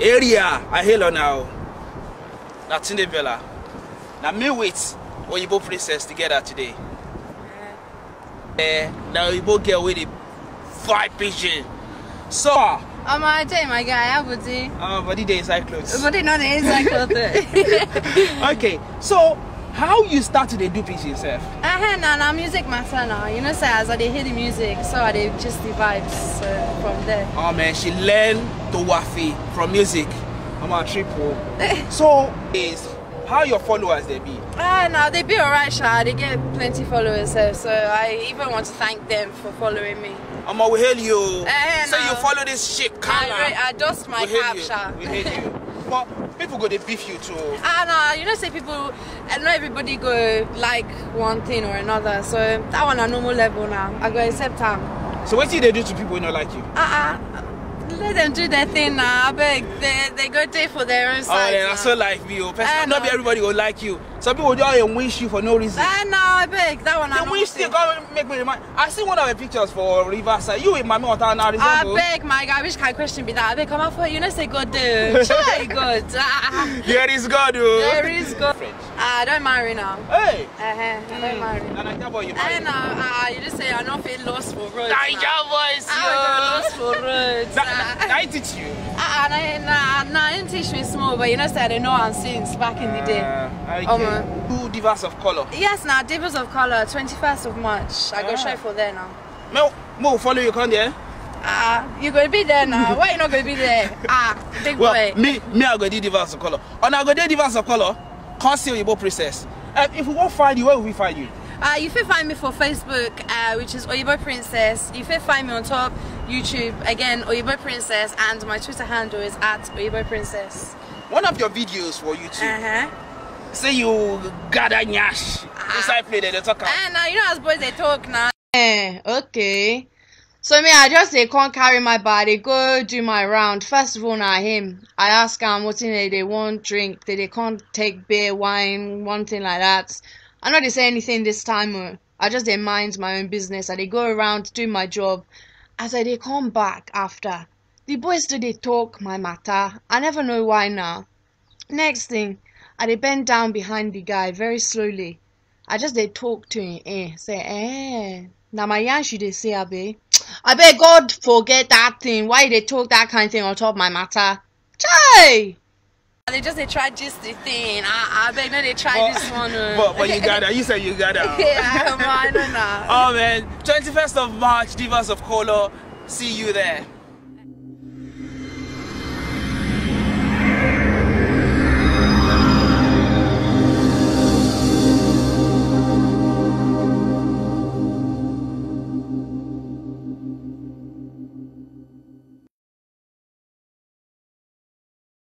area I hail on now. Na Tunde Na me with Oyibo princess together today. Uh. Eh, na Oyibo girl with the vibe pigeon. So. Ah. Oh my, I tell you my guy, how body? Oh, body the inside clothes. Body not the inside clothes. okay, so How you started to do pitch yourself? Uh -huh, na na music matter now. You know say as I dey hear the music, so I just the vibes from there. Oh man, she learned to wafi from music. I'm a triple. Oh. so is how your followers they be? Ah, uh, now they be alright, Sha. They get plenty followers, so, eh, so I even want to thank them for following me. I'm um, will hail you. Uh, so you follow this shit, Kala. I, I dust my cap, Sha. We hail you. but people go dey beef you too ah no you know say people eh, not everybody go like one thing or another so that one a normal level now i go accept am so what do they do to people who no like you ah ah let them do their thing na abeg they go dey for their own oh, side oh yeah na so life be o person no be everybody will like you Some people just want wish you for no reason. Eh, ah no, I beg. That one the I wish you thing can make me remind. I see one of the pictures for Riverside. You with Mami Water now. I beg, my guy. Which kind of question be that? I beg, come out for you. know, say God, dude. Sure, God. Ah, ah, ah. There is God, dude. Oh. There is God. Ah, uh, don't marry now. Hey. Uh-huh. Mm. Don't hmm. marry. And I tell you, marry. I know. Ah, uh, you just say, I don't feel lost for road. I what good. Na, I teach you. Ah, na, ah, na, na, I didn't teach me small, but you know, said I know and since back in the day. Uh, okay. Um, Who Divas of Color? Yes, now Divas of Color, 21st of March. I go ah. show for there now. Mo, Mo, follow you, come there. Ah, uh, you gonna be there now. Why you not gonna be there? Ah, big well, boy. Me, me, I to do Divas of Color. On oh, I to do Divas of Color, conceal your princess. Uh, if we won't find you, where will we find you? Uh, you can find me for Facebook, uh, which is Oyibo Princess. You can find me on top YouTube. Again, Oyibo Princess, and my Twitter handle is at Oyibo Princess. One of your videos for YouTube. Uh -huh. Say you gather nyash uh, inside play, they talk. Eh, now you know as boys they talk now. Eh, okay. So me, I just they can't carry my body, go do my round. First of all, now him, I ask him what in they, they won't drink, they, they can't take beer, wine, one thing like that. I know they say anything this time. Oh. I just they mind my own business. I they go around do my job. As I dey come back after, the boys did dey talk my matter. I never know why now. Next thing, I dey bend down behind the guy very slowly, I just dey talk to him, eh? say eh? Now my yansh you dey see I beg God forget that thing. why they dey that kind of thing on top my matter? Chai! They just they try just the thing. I, I beg no, they try but, this one. Uh. But but you got out. You said you got out. yeah, man, I know now. Oh man, 21st of March, Divas of Color. See you there.